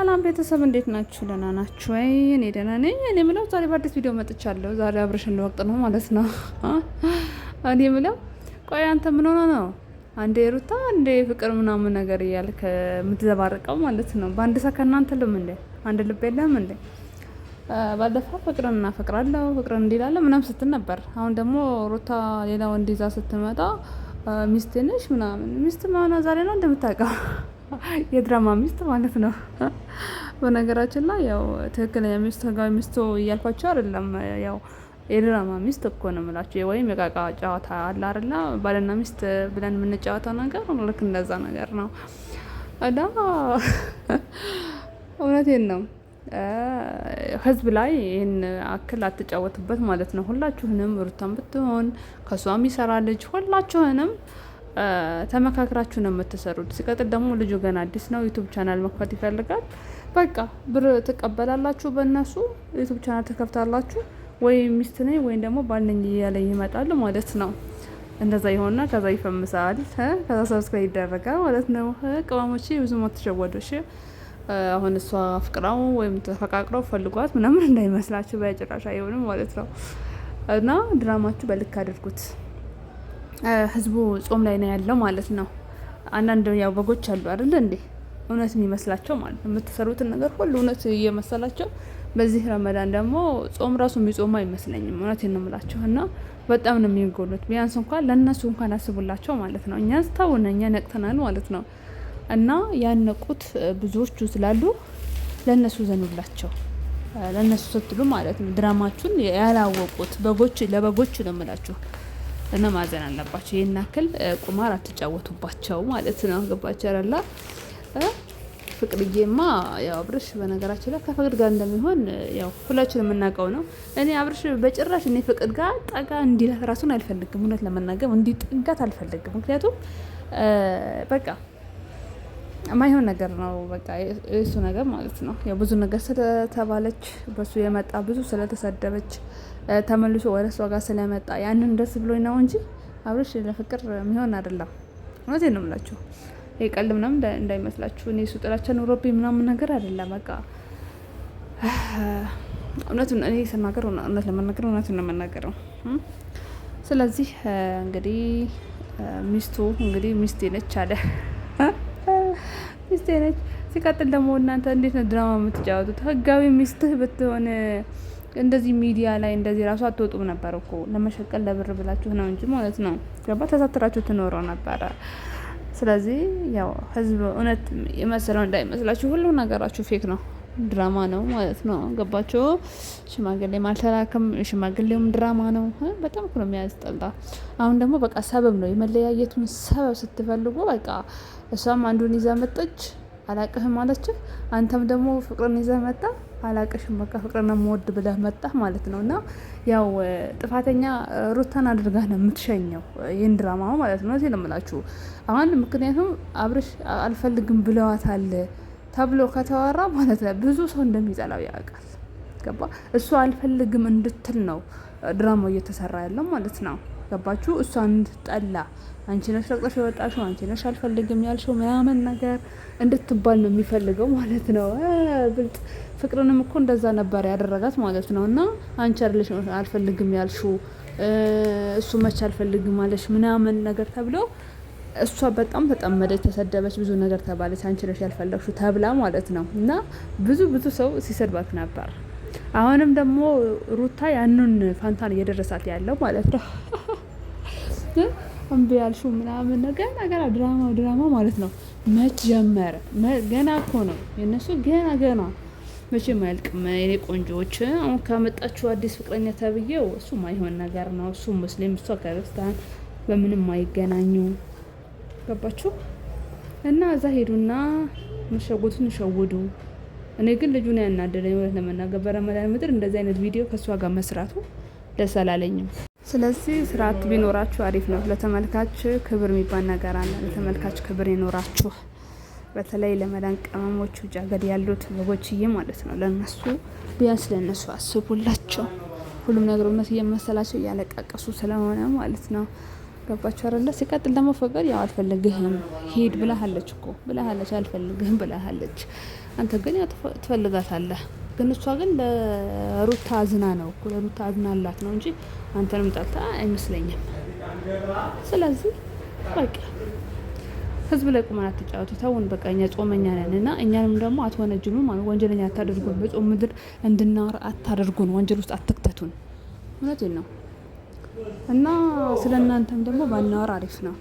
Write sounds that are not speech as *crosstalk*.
ሰላም ቤተሰብ እንዴት ናችሁ? ደህና ናችሁ ወይ? እኔ ደህና ነኝ። እኔ ምለው ዛሬ በአዲስ ቪዲዮ መጥቻለሁ። ዛሬ አብረሽን ወቅት ነው ማለት ነው። *laughs* እኔ ምለው ቆይ አንተ ምን ሆነ ነው አንዴ ሩታ አንዴ ፍቅር ምናምን ነገር እያልክ የምትዘባርቀው ማለት ነው። በአንድ ሰከንድ አንተ ልም እንዴ አንድ ልብ የለም እንዴ? ባለፈው ፍቅርን እናፈቅራለሁ ፍቅርን እንዲላለ ምናምን ስትል ነበር። አሁን ደግሞ ሩታ ሌላ ወንድ ይዛ ስትመጣ ሚስቴ ነሽ ምናምን ሚስት መሆኗ ዛሬ ነው እንደምታውቀው የድራማ ሚስት ማለት ነው። በነገራችን ላይ ያው ትክክለኛ ሚስት ህጋዊ ሚስቶ እያልኳቸው አይደለም። ያው የድራማ ሚስት እኮ ነው የምላቸው፣ ወይም የቃቃ ጨዋታ አለ አይደለ? ባልና ሚስት ብለን የምንጫወተው ነገር ልክ እንደዛ ነገር ነው እና እውነቴን ነው ህዝብ ላይ ይህን አክል አትጫወትበት ማለት ነው። ሁላችሁንም ሩታን ብትሆን ከሷም ይሰራ ልጅ ሁላችሁንም ተመካክራችሁ ነው የምትሰሩት። ሲቀጥል ደግሞ ልጁ ገና አዲስ ነው፣ ዩቱብ ቻናል መክፈት ይፈልጋል። በቃ ብር ትቀበላላችሁ፣ በእነሱ ዩቱብ ቻናል ትከፍታላችሁ። ወይ ሚስት ነኝ ወይም ደግሞ ባልነኝ እያለ ይመጣሉ ማለት ነው። እንደዛ የሆና ከዛ ይፈምሳል፣ ከዛ ሰብስክራይብ ይደረጋል ማለት ነው። ቅመሞች ብዙ አትሸወዶሽ። አሁን እሷ አፍቅራው ወይም ተፈቃቅረው ፈልጓት ምናምን እንዳይመስላችሁ፣ በጭራሽ አይሆንም ማለት ነው። እና ድራማችሁ በልክ አድርጉት። ህዝቡ ጾም ላይ ነው ያለው ማለት ነው። አንዳንድ ያው በጎች አሉ አይደል እንዴ እውነት የሚመስላቸው ማለት ነው። የምትሰሩትን ነገር ሁሉ እውነት እየመሰላቸው በዚህ ረመዳን ደግሞ ጾም ራሱ የሚጾሙ አይመስለኝም። እውነት ነው እና በጣም ነው የሚጎሉት። ቢያንስ እንኳን ለእነሱ እንኳን አስቡላቸው ማለት ነው። እኛ ስታውነ እኛ ነቅተናል ማለት ነው። እና ያነቁት ብዙዎቹ ስላሉ ለእነሱ ዘኑላቸው፣ ለእነሱ ስትሉ ማለት ነው። ድራማችሁን ያላወቁት በጎች ለበጎች ነው የምላችሁ እና ማዘን አለባቸው። ይህን ያክል ቁማር አትጫወቱባቸው ማለት ነው። ገባቸው ያረላ ፍቅርዬማ ያው አብርሽ በነገራችን ላይ ከፍቅድ ጋር እንደሚሆን ያው ሁላችን የምናውቀው ነው። እኔ አብርሽ በጭራሽ እኔ ፍቅድ ጋር ጠጋ እንዲላት ራሱን አልፈልግም። እውነት ለመናገር እንዲጥጋት አልፈልግም። ምክንያቱም በቃ ማይሆን ነገር ነው። በቃ የእሱ ነገር ማለት ነው። ያው ብዙ ነገር ስለተባለች በሱ የመጣ ብዙ ስለተሰደበች ተመልሶ ወደ እሷ ጋር ስለመጣ ያንን ደስ ብሎኝ ነው እንጂ አብረሽ ለፍቅር የሚሆን አይደለም። እውነቴን ነው የምላችሁ። ይሄ ቀልድ ምናምን እንዳይመስላችሁ። እኔ እሱ ጥላቻ ኑሮብኝ ምናምን ነገር አይደለም። በቃ እውነቱን እኔ ስናገር እውነት ለመናገር እውነቱን ነው የምናገረው። ስለዚህ እንግዲህ ሚስቱ እንግዲህ ሚስቴ ነች አለ ሚስቴ ነች። ሲቀጥል ደግሞ እናንተ እንዴት ነው ድራማ የምትጫወቱት? ህጋዊ ሚስትህ ብትሆን እንደዚህ ሚዲያ ላይ እንደዚህ ራሱ አትወጡም ነበር እኮ ለመሸቀል ለብር ብላችሁ ነው እንጂ ማለት ነው ገባ ተሳትራችሁ ትኖረው ነበረ። ስለዚህ ያው ህዝብ እውነት የመሰለው እንዳይመስላችሁ ሁሉ ነገራችሁ ፌክ ነው፣ ድራማ ነው ማለት ነው። ገባችሁ? ሽማግሌ ማልተላከም ሽማግሌውም ድራማ ነው። በጣም እኮ ነው የሚያስጠላ። አሁን ደግሞ በቃ ሰበብ ነው የመለያየቱን ሰበብ ስትፈልጉ በቃ እሷም አንዱን ይዛ መጠች አላቅህም አለችህ። አንተም ደግሞ ፍቅርን ይዘህ መጣ አላቅሽም በቃ ፍቅርን የምወድ ብለህ መጣ ማለት ነው። እና ያው ጥፋተኛ ሩታን አድርጋህ ነው የምትሸኘው ይህን ድራማ ማለት ነው። እዚህ ልምላችሁ አሁን ምክንያቱም አብርሽ አልፈልግም ብለዋታል ተብሎ ከተወራ ማለት ነው ብዙ ሰው እንደሚጠላው ያውቃል። ገባ እሱ አልፈልግም እንድትል ነው ድራማው እየተሰራ ያለው ማለት ነው። ገባችሁ? እሷ እንድትጠላ አንቺ ነሽ ረቅጠሽ የወጣሽው አንቺ ነሽ አልፈልግም ያልሽው ምናምን ነገር እንድትባል ነው የሚፈልገው ማለት ነው። ብልጥ ፍቅርንም እኮ እንደዛ ነበር ያደረጋት ማለት ነው። እና አንቺ አይደለሽ አልፈልግም ያልሽው እሱ መች አልፈልግም አለሽ ምናምን ነገር ተብለው እሷ በጣም ተጠመደች፣ ተሰደበች፣ ብዙ ነገር ተባለች። አንቺ ነሽ ያልፈለግሽው ተብላ ማለት ነው። እና ብዙ ብዙ ሰው ሲሰድባት ነበር። አሁንም ደግሞ ሩታ ያንን ፋንታን እየደረሳት ያለው ማለት ነው። እምቢ ያልሹ ምናምን ነገር ነገር ድራማ ድራማ ማለት ነው። መጀመር ገና እኮ ነው የነሱ ገና ገና መቼም አያልቅም። የኔ ቆንጆዎች አሁን ካመጣችሁ አዲስ ፍቅረኛ ተብዬው እሱ ማይሆን ነገር ነው። እሱ ሙስሊም፣ እሷ ክርስቲያን በምንም አይገናኙ። ገባችሁ? እና እዛ ሄዱና መሸጎቱን ይሸውዱ። እኔ ግን ልጁን ያናደደኝ እውነት ለመናገር በረመዳን ምድር እንደዚህ አይነት ቪዲዮ ከእሷ ጋር መስራቱ ደስ አላለኝም። ስለዚህ ስርዓት ቢኖራችሁ አሪፍ ነው። ለተመልካች ክብር የሚባል ነገር አለ። ለተመልካች ክብር ይኖራችሁ። በተለይ ለመዳን ቀመሞች ውጭ ሀገር ያሉት በጎችዬ ማለት ነው። ለነሱ ቢያንስ ለነሱ አስቡላቸው። ሁሉም ነገር እውነት እየመሰላቸው እያለቃቀሱ ስለሆነ ማለት ነው። ገባቸው አለ። ሲቀጥል ደግሞ ፍቅር ያው አልፈልግህም ሂድ ብላሃለች እኮ ብላሃለች፣ አልፈልግህም ብላሃለች። አንተ ግን ያው ትፈልጋታለህ ግን እሷ ግን ለሩታ አዝና ነው እኮ ለሩታ አዝና አላት ነው እንጂ አንተንም ጠልታ አይመስለኝም። ስለዚህ በቃ ህዝብ ላይ ቁመን አትጫወቱ። ተውን በቃ እኛ ጾመኛ ነን እና እኛንም ደግሞ አትወነጅሉን፣ ወንጀለኛ አታደርጉን። በጾም ምድር እንድናወር አታደርጉን፣ ወንጀል ውስጥ አትክተቱን። እውነቴን ነው እና ስለ እናንተም ደግሞ ባናወር አሪፍ ነው።